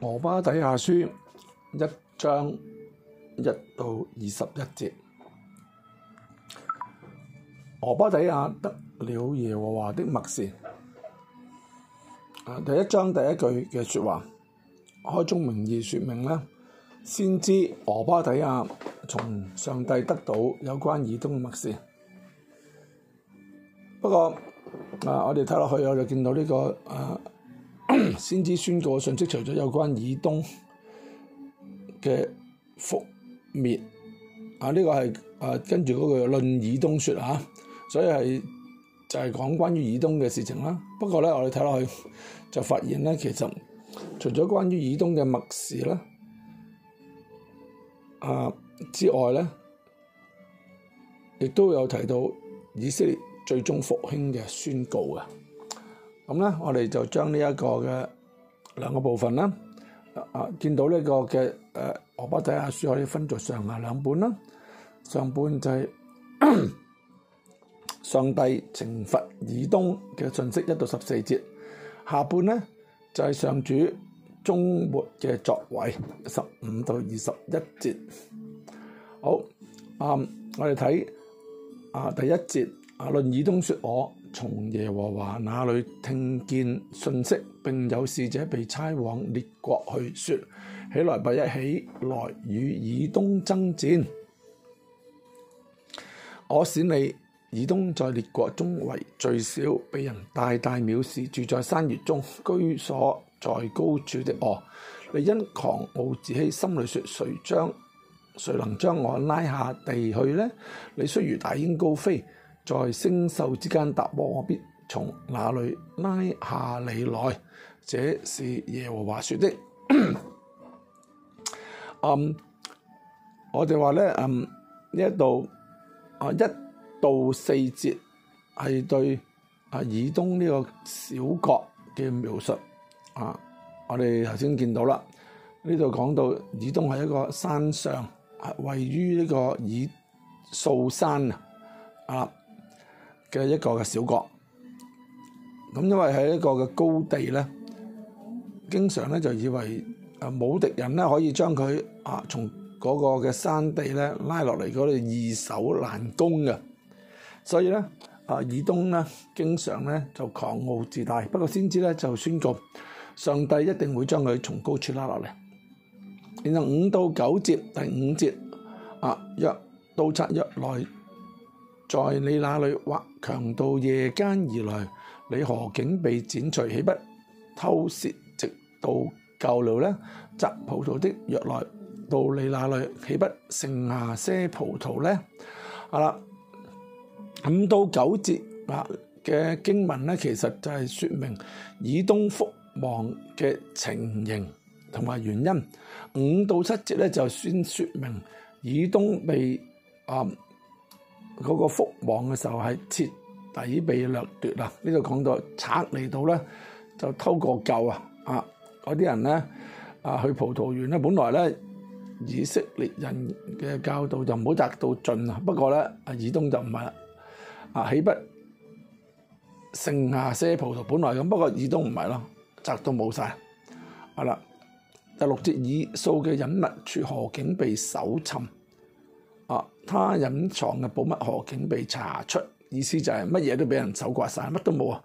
俄巴底亞書一章一到二十一節，俄巴底亞得了耶和華的默示。第一章第一句嘅説話，開宗明義説明呢，先知俄巴底亞從上帝得到有關以東嘅默示。不過啊，我哋睇落去，我就見到呢、這個啊。 先知宣告嘅信息，除咗有關以東嘅覆滅，啊呢、這個係啊跟住嗰句論以東説啊，所以係就係、是、講關於以東嘅事情啦。不過咧，我哋睇落去就發現咧，其實除咗關於以東嘅默示啦啊之外咧，亦都有提到以色列最終復興嘅宣告啊！咁、嗯、咧，我哋就將呢一個嘅兩個部分啦，啊，見到呢個嘅，誒、啊，我幫睇下書可以分做上下兩本啦。上半就係、是、上帝懲罰以東嘅信息一到十四節，下半咧就係、是、上主終末嘅作為十五到二十一節。好，嗯、啊，我哋睇啊第一節啊，論以東説我。從耶和華那裏聽見信息，並有使者被差往列國去說：起來，不一起來與以東爭戰。我使你，以東在列國中為最小，被人大大藐視，住在山穴中，居所在高處的我。你因狂傲自欺，心裏說：誰將？誰能將我拉下地去呢？你雖如大鷹高飛。在星宿之間搭窩，我必從哪裏拉下你來，來。這是耶和華說的。 um, 說嗯，我哋話咧，嗯呢一度啊一到四節係對啊以東呢個小國嘅描述啊。Uh, 我哋頭先見到啦，呢度講到以東係一個山上，位於呢個以掃山啊。Uh, 嘅一個嘅小國，咁因為係一個嘅高地咧，經常咧就以為啊冇敵人咧可以將佢啊從嗰個嘅山地咧拉落嚟，嗰度易守難攻嘅，所以咧啊以東咧經常咧就狂傲自大，不過先知咧就宣告上帝一定會將佢從高處拉落嚟。然後五到九節，第五節啊，若刀出若來。在你那裏，或強盜夜間而來，你何竟被剪除？豈不偷竊直到夠了呢？摘葡萄的若來到你那裏，豈不剩下些葡萄呢？好啦，五到九節啊嘅經文咧，其實就係說明以東覆亡嘅情形同埋原因。五到七節咧就先說明以東被啊。嗰、那個覆網嘅時候係徹底被掠奪啦，這呢度講到賊嚟到咧就偷過夠啊！啊，嗰啲人咧啊去葡萄園咧，本來咧以色列人嘅教導就唔好摘到盡啊，不過咧啊以東就唔係啦，啊豈不剩下些葡萄？本來咁，不過以東唔係咯，摘到冇晒。係啦。第六節以掃嘅隱密處何竟被搜尋？啊！他隱藏嘅寶物何竟被查出？意思就係乜嘢都畀人搜刮晒，乜都冇啊！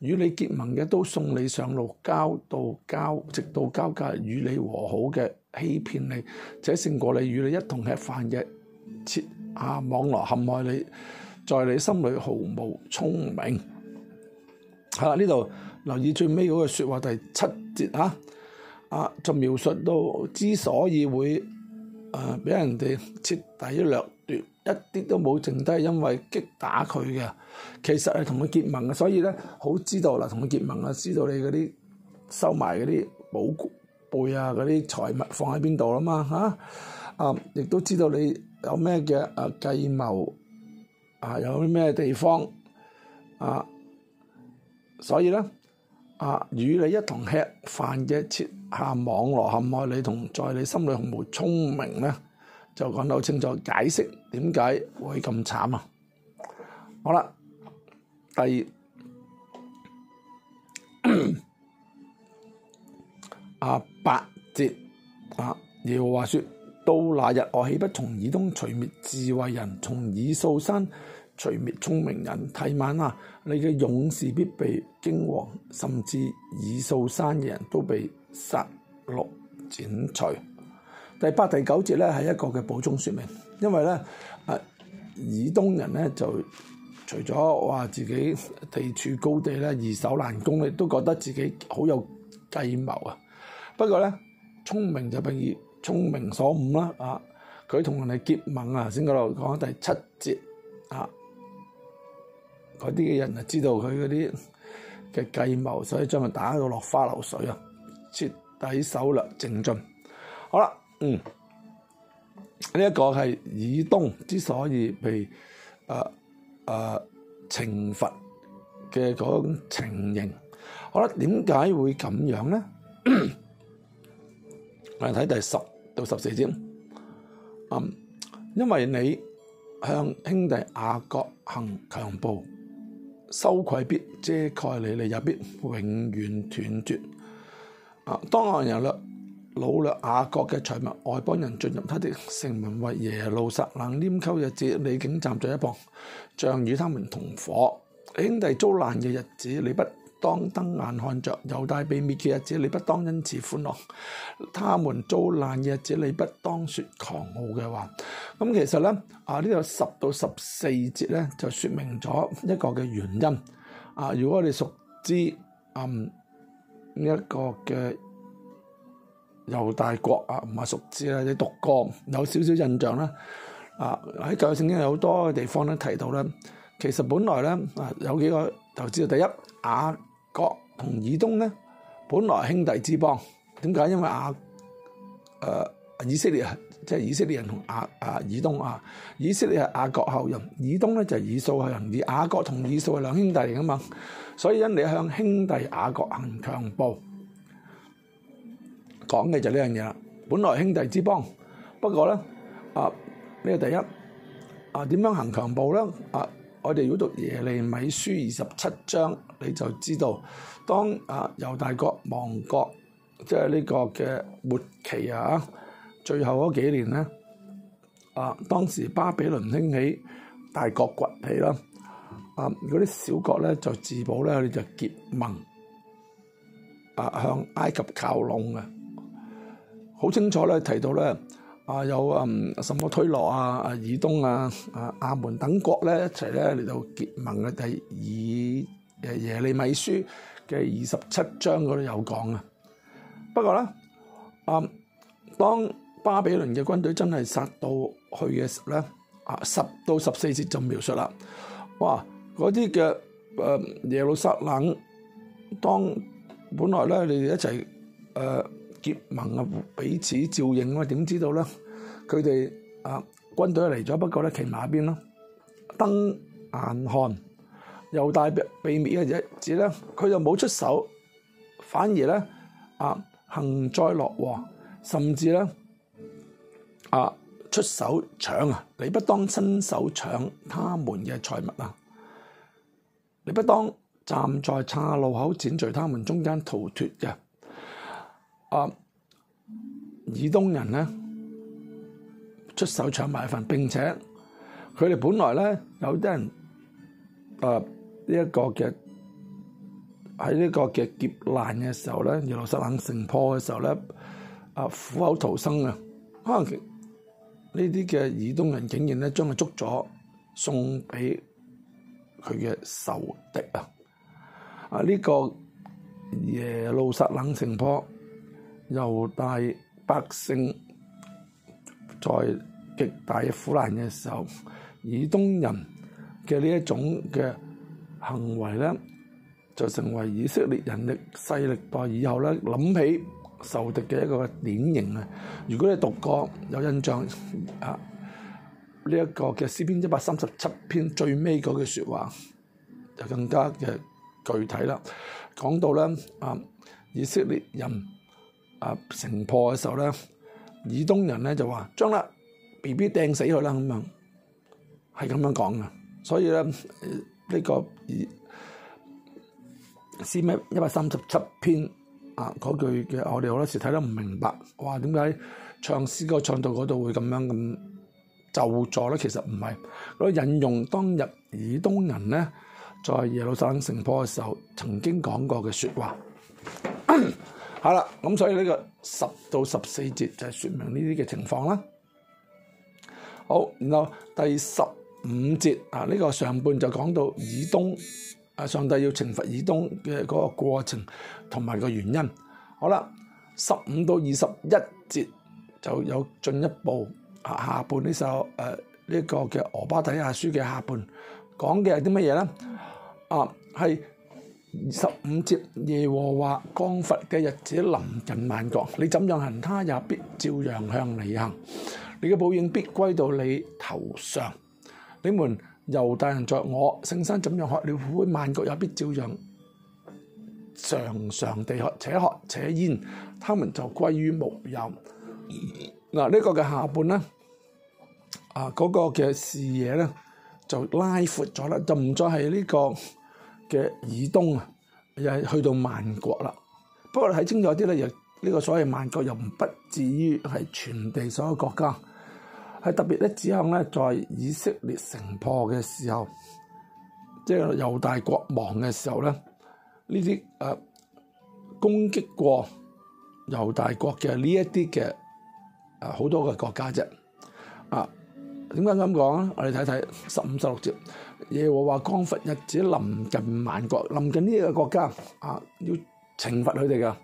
與你結盟嘅都送你上路，交到交直到交界與你和好嘅欺騙你，且勝過你與你一同吃飯嘅設下網羅陷害你，在你心裏毫無聰明。係、啊、啦，呢度留意最尾嗰個説話第七節啊！啊，就描述到之所以會。誒、呃、俾人哋徹底掠奪，一啲都冇剩低，因為擊打佢嘅，其實係同佢結盟嘅，所以咧好知道啦，同佢結盟啊，知道你嗰啲收埋嗰啲寶貝啊，嗰啲財物放喺邊度吖嘛嚇，啊，亦、啊、都知道你有咩嘅啊計謀啊，有啲咩地方啊，所以咧。啊，與你一同吃飯嘅設下網羅陷害你，同在你心裏毫無聰明呢，就講到清楚解釋點解會咁慘啊！好啦，第二，阿、啊、八節啊，耶和華說：到那日，我豈不從以東除滅智慧人，從以掃山。除滅聰明人，提幔啊！你嘅勇士必被驚惶，甚至以掃山嘅人都被殺戮剪除。第八、第九節咧係一個嘅補充説明，因為咧啊，以東人咧就除咗話自己地處高地咧，易守難攻，你都覺得自己好有計謀啊。不過咧，聰明就俾聰明所誤啦。啊，佢同人哋結盟啊，頭先度講第七節啊。嗰啲嘅人就知道佢嗰啲嘅計謀，所以將佢打到落花流水啊，徹底手掠淨盡。好啦，嗯，呢、這、一個係以東之所以被啊啊、呃呃、懲罰嘅嗰種情形。好啦，點解會咁樣咧？ 我哋睇第十到十四節。嗯，因為你向兄弟雅各行強暴。羞愧必遮蓋你，你也必永遠斷絕。啊！當外人老攞掠雅各嘅財物，外邦人進入他的城門，為耶路撒冷拈鬮日子，你竟站在一旁，像與他們同夥。兄弟遭難嘅日子，你不當瞪眼，看着猶大被滅嘅日子，你不當因此歡樂；他們遭難嘅日子，你不當說狂傲嘅話。咁其實咧，啊呢度十到十四節咧就說明咗一個嘅原因。啊，如果我哋熟知啊呢一個嘅猶大國啊，唔係熟知啦，你讀過有少少印象啦。啊喺舊約聖經有好多嘅地方咧提到咧，其實本來咧啊有幾個就知道第一啊亞國同以東咧，本來兄弟之邦。點解？因為亞誒、呃、以色列即係以色列人同亞啊以東啊，以色列係亞國後人，以東咧就以數後人，亞以亞國同以數係兩兄弟嚟噶嘛。所以因你向兄弟亞國行強暴，講嘅就呢樣嘢啦。本來兄弟之邦，不過咧啊呢個第一啊，點樣行強暴咧啊？我哋如果讀耶利米書二十七章，你就知道當啊猶大國亡國，即係呢個嘅末期啊，最後嗰幾年咧，啊當時巴比倫興起，大國崛起啦，啊嗰啲小國咧就自保咧，佢哋就結盟，啊向埃及靠攏啊，好清楚咧，提到咧。啊，有啊、嗯，什麼推羅啊、啊以東啊、啊亞門等國咧一齊咧嚟到結盟嘅，第二誒耶利米書嘅二十七章嗰度有講啊。不過咧，啊，當巴比倫嘅軍隊真係殺到去嘅時候咧，啊十到十四節就描述啦。哇！嗰啲嘅誒耶路撒冷，當本來咧你哋一齊誒。啊結盟啊，彼此照應啊，點知道咧？佢哋啊，軍隊嚟咗，不過咧，企埋一邊咯，瞪眼看猶大被滅嘅日子咧，佢又冇出手，反而咧啊，幸災樂禍，甚至咧啊，出手搶啊，你不當伸手搶他們嘅財物啊，你不當站在岔路口剪除他們中間逃脫嘅。啊！以東人呢出手搶埋份，並且佢哋本來呢，有啲人啊，呢一個嘅，喺呢個嘅劫難嘅時候呢，耶路撒冷城破嘅時候呢啊，虎口逃生嘅，可能呢啲嘅以東人竟然呢將佢捉咗送俾佢嘅仇敵啊！啊，呢個耶路撒冷城破。猶大百姓在極大嘅苦難嘅時候，以東人嘅呢一種嘅行為咧，就成為以色列人嘅勢力代以後咧，諗起仇敵嘅一個典型啊！如果你讀過有印象啊，呢、這、一個嘅詩篇一百三十七篇最尾嗰句説話，就更加嘅具體啦。講到咧啊，以色列人。啊！城破嘅時候咧，以東人咧就話：將啦 B B 掟死佢啦咁樣，係咁樣講嘅。所以咧，呢、呃這個詩篇一百三十七篇，啊嗰句嘅，我哋好多時睇得唔明白。哇！點解唱詩歌唱到嗰度會咁樣咁就座咧？其實唔係，佢、那個、引用當日以東人咧，在耶路撒冷城破嘅時候曾經講過嘅説話。好啦，咁所以呢個十到十四節就係說明呢啲嘅情況啦。好，然後第十五節啊，呢個上半就講到以東，啊上帝要懲罰以東嘅嗰個過程同埋個原因。好啦，十五到二十一節就有進一步啊下半呢首誒呢個嘅《俄巴底亞書》嘅下半講嘅係啲乜嘢咧？啊，係。啊這個十五節，耶和華降罰嘅日子臨近萬國，你怎樣行，他也必照樣向你行；你嘅報應必歸到你頭上。你們猶大人在我聖山怎樣喝了苦杯，萬國也必照樣常常地喝，且喝且咽，他們就歸於無有。嗱，呢個嘅下半呢？啊，嗰個嘅視野呢，就拉闊咗啦，就唔再係呢個。嘅以東啊，又係去到萬國啦。不過睇清楚啲咧，又、這、呢個所謂萬國又唔不至於係全地所有國家，係特別咧指向咧在以色列城破嘅時候，即係猶大國亡嘅時候咧，呢啲誒攻擊過猶大國嘅呢一啲嘅誒好多嘅國家啫，啊！點解咁講啊？我哋睇睇十五、十六節，耶和華降罰日子臨近萬國，臨近呢一個國家啊，要懲罰佢哋噶。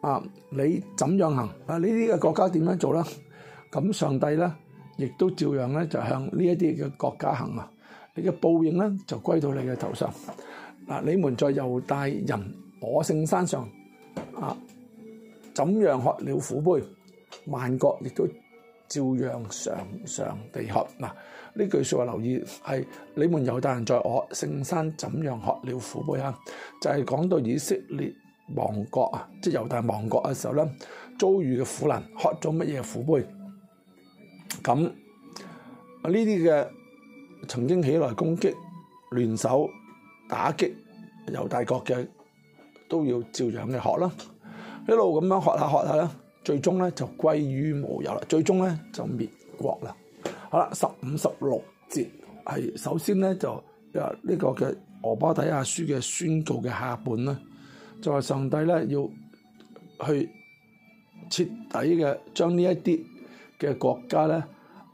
啊，你怎樣行啊？你呢啲嘅國家點樣做啦？咁上帝咧，亦都照樣咧就向呢一啲嘅國家行啊。你嘅報應咧就歸到你嘅頭上。嗱，你們在猶大人我聖山上啊，怎樣喝了苦杯，萬國亦都。照樣常常地喝。嗱，呢句説話留意係你們猶大人在我聖山怎樣喝了苦杯啊？就係、是、講到以色列亡國啊，即係猶大亡國嘅時候咧，遭遇嘅苦難，喝咗乜嘢苦杯？咁呢啲嘅曾經起來攻擊、聯手打擊猶大國嘅，都要照樣嘅喝啦，一路咁樣喝下喝下啦。最終咧就歸於無有啦，最終咧就滅國啦。好啦，十五十六節係首先咧就啊呢個嘅《俄巴底亞書》嘅宣告嘅下半啦，就話上帝咧要去徹底嘅將呢一啲嘅國家咧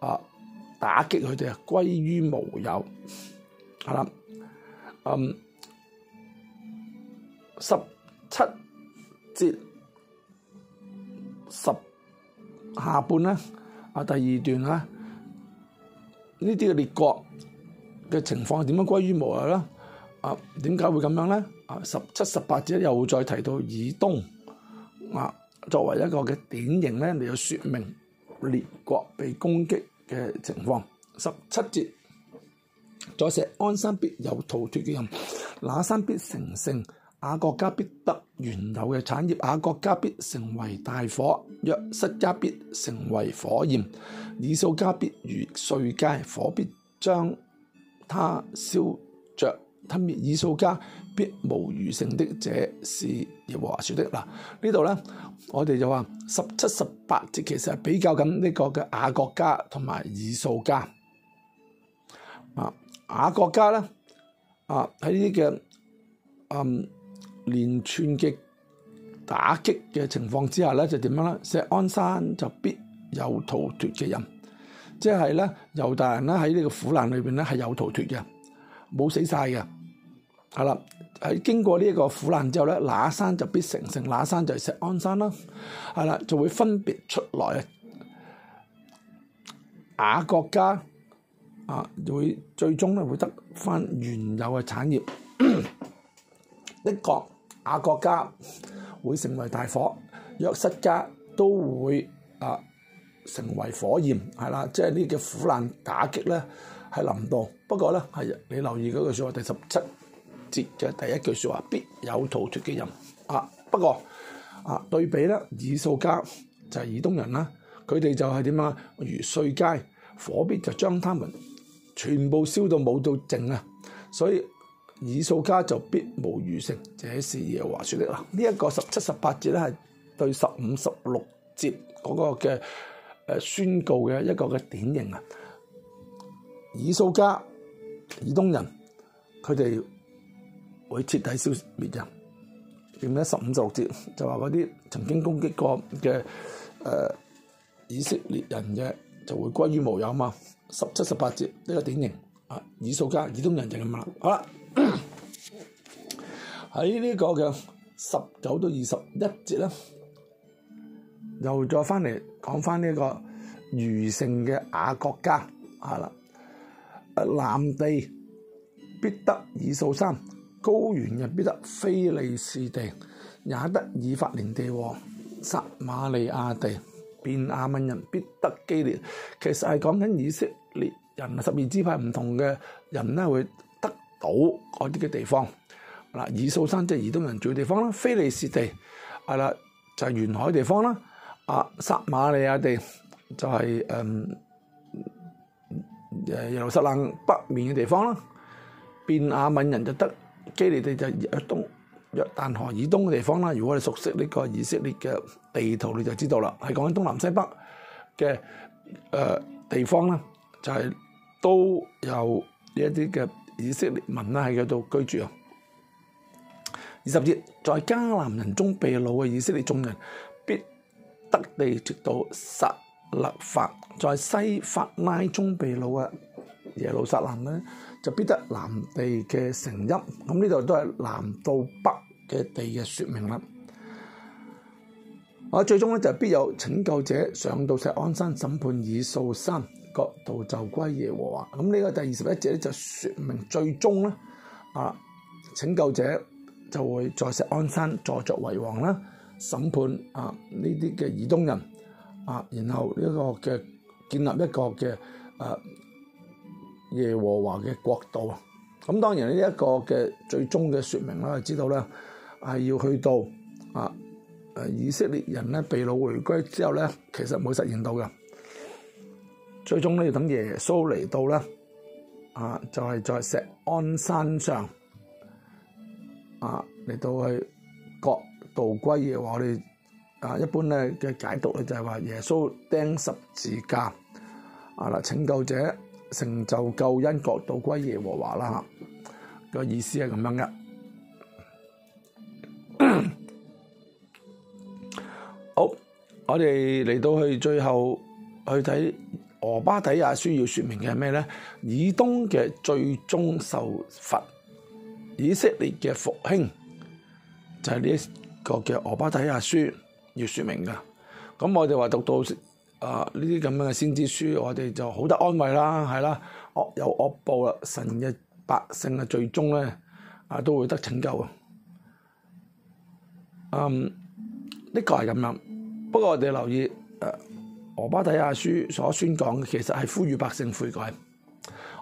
啊打擊佢哋啊歸於無有，好啦，嗯，十七節。十下半咧，啊第二段啦，呢啲嘅列國嘅情況點樣歸於無有啦？啊，點解會咁樣咧？啊，十七、十八節又再提到以東啊，作為一個嘅典型咧，嚟説明列國被攻擊嘅情況。十七節，在錫安山必有逃脫嘅人，那山必成聖。雅各家必得原有嘅產業，雅各家必成為大火，約瑟家必成為火焰，以掃家必如碎秸，火必將他燒着，吞滅以掃家，必無餘剩的、的。這是耶和華說的。嗱，呢度咧，我哋就話十七十八節其實係比較緊呢個嘅雅各家同埋以掃家。啊，雅各家咧，啊喺呢啲嗯。連串嘅打擊嘅情況之下咧，就點樣咧？錫安山就必有逃脱嘅人，即係咧猶大人咧喺呢個苦難裏邊咧係有逃脱嘅，冇死晒嘅。係啦，喺經過呢個苦難之後咧，哪山就必成城，哪山就係錫安山啦。係啦，就會分別出來，雅啊，雅各家啊，會最終咧會得翻原有嘅產業， 一個。那國家會成為大火，約瑟家都會啊成為火焰，係啦，即係呢個苦難打擊咧係臨到。不過咧係啊，你留意嗰句説話，第十七節嘅第一句説話，必有逃脫嘅人啊。不過啊，對比咧，以數家就係、是、以東人啦，佢哋就係點啊？如碎街火必就將他們全部燒到冇到剩啊，所以。以掃家就必無餘剩，這是耶和華説的啦。呢、這、一個十七十八節咧，係對十五十六節嗰個嘅誒宣告嘅一個嘅典型啊。以掃家以東人，佢哋會徹底消滅人。點解十五十六節就話嗰啲曾經攻擊過嘅誒、呃、以色列人嘅，就會歸於無有嘛。十七十八節呢、這個典型啊，以掃家以東人就係咁啦。好啦。喺呢 個嘅十九到二十一節咧，又再翻嚟講翻呢個餘剩嘅亞國家，係啦，南地必得以掃山，高原人必得非利士地，也得以法蓮地和，撒馬利亞地，便雅憫人必得基列。其實係講緊以色列人十二支派唔同嘅人啦，會。島嗰啲嘅地方，嗱，以掃山即係以東人住嘅地方啦，非利士地係啦，就係、是、沿海地方啦，阿、啊、撒瑪利亞地就係誒誒耶路撒冷北面嘅地方啦，便雅敏人就得基尼地就以東約旦河以東嘅地方啦。如果你熟悉呢個以色列嘅地圖，你就知道啦，係講緊東南西北嘅誒、呃、地方啦，就係、是、都有呢一啲嘅。以色列民喺嗰度居住。二十節，在迦南人中被擄嘅以色列眾人必得地直到撒勒法，在西法拉中被擄嘅耶路撒冷呢，就必得南地嘅城邑。咁呢度都係南到北嘅地嘅說明啦。我最終呢，就必有拯救者上到錫安山審判以掃山國度就歸耶和華，咁呢個第二十一節咧就說明最終咧，啊，拯救者就會在錫安山坐作為王啦，審判啊呢啲嘅以東人啊，然後呢一個嘅，建立一個嘅，誒、啊、耶和華嘅國度，咁當然呢一個嘅最終嘅說明啦，知道咧係、啊、要去到啊誒、啊、以色列人咧被擄回歸之後咧，其實冇實現到嘅。最終咧要等耶穌嚟到咧，啊，就係、是、在錫安山上，啊嚟到去國度歸耶和華。我哋啊一般咧嘅解讀咧就係話耶穌釘十字架，啊嗱，拯救者成就救恩，國度歸耶和華啦吓，個意思係咁樣嘅。好，我哋嚟到去最後去睇。俄巴底亞書要說明嘅係咩咧？以東嘅最終受罰，以色列嘅復興，就係呢一個嘅俄巴底亞書要說明噶。咁、嗯、我哋話讀到啊呢啲咁樣嘅先知書，我哋就好得安慰啦，係啦，惡有惡報啦，神嘅百姓啊最終咧啊、呃、都會得拯救啊。嗯，呢個係咁樣，不過我哋留意誒。呃俄巴底亞書所宣講嘅，其實係呼籲百姓悔改。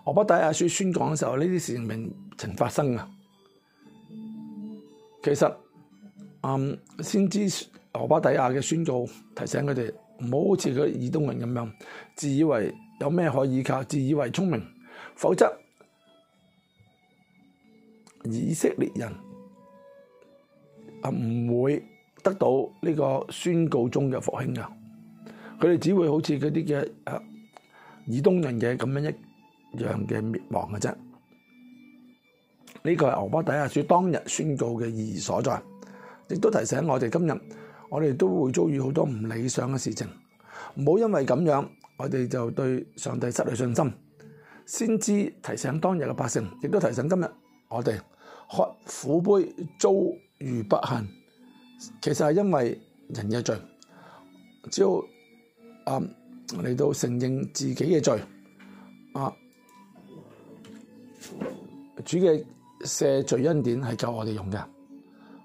俄巴底亞書宣講嘅時候，呢啲事情未曾發生噶。其實、嗯，先知俄巴底亞嘅宣告提醒佢哋，唔好好似佢以東人咁樣，自以為有咩可以靠，自以為聰明，否則以色列人唔、嗯、會得到呢個宣告中嘅復興噶。佢哋只會好似嗰啲嘅誒以東人嘅咁樣一樣嘅滅亡嘅啫。呢、這個係俄巴底亞書當日宣告嘅意義所在，亦都提醒我哋今日我哋都會遭遇好多唔理想嘅事情。唔好因為咁樣，我哋就對上帝失去信心。先知提醒當日嘅百姓，亦都提醒今日我哋喝苦杯遭遇不幸，其實係因為人嘅罪。只要啊！嚟到承認自己嘅罪，啊！主嘅赦罪恩典係夠我哋用嘅，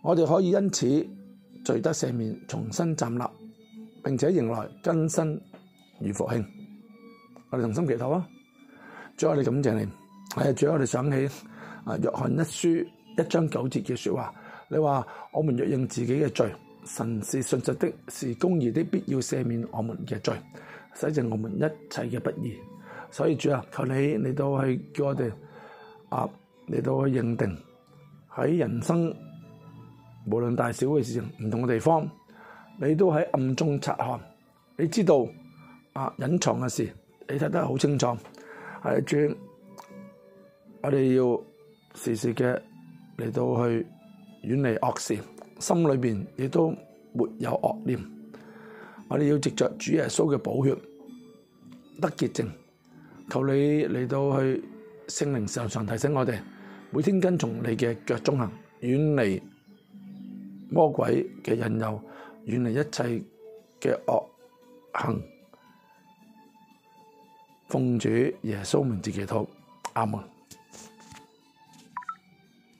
我哋可以因此罪得赦免，重新站立，並且迎來更新與復興。我哋同心祈禱啊！主啊，我哋感謝你。係啊，主啊，我哋想起啊，約翰一書一章九節嘅說話，你話我們若認自己嘅罪。神是信實的，是公義的，必要赦免我們嘅罪，洗淨我們一切嘅不義。所以主啊，求你你都去叫我哋啊嚟到去認定喺人生無論大小嘅事情，唔同嘅地方，你都喺暗中察看，你知道啊隱藏嘅事，你睇得好清楚。係、啊、主，我哋要時時嘅嚟到去遠離惡事。心裏邊亦都沒有惡念，我哋要藉着主耶穌嘅寶血得潔淨。求你嚟到去聖靈時候，常提醒我哋，每天跟從你嘅腳中行，遠離魔鬼嘅引誘，遠離一切嘅惡行。奉主耶穌名字祈禱，阿門。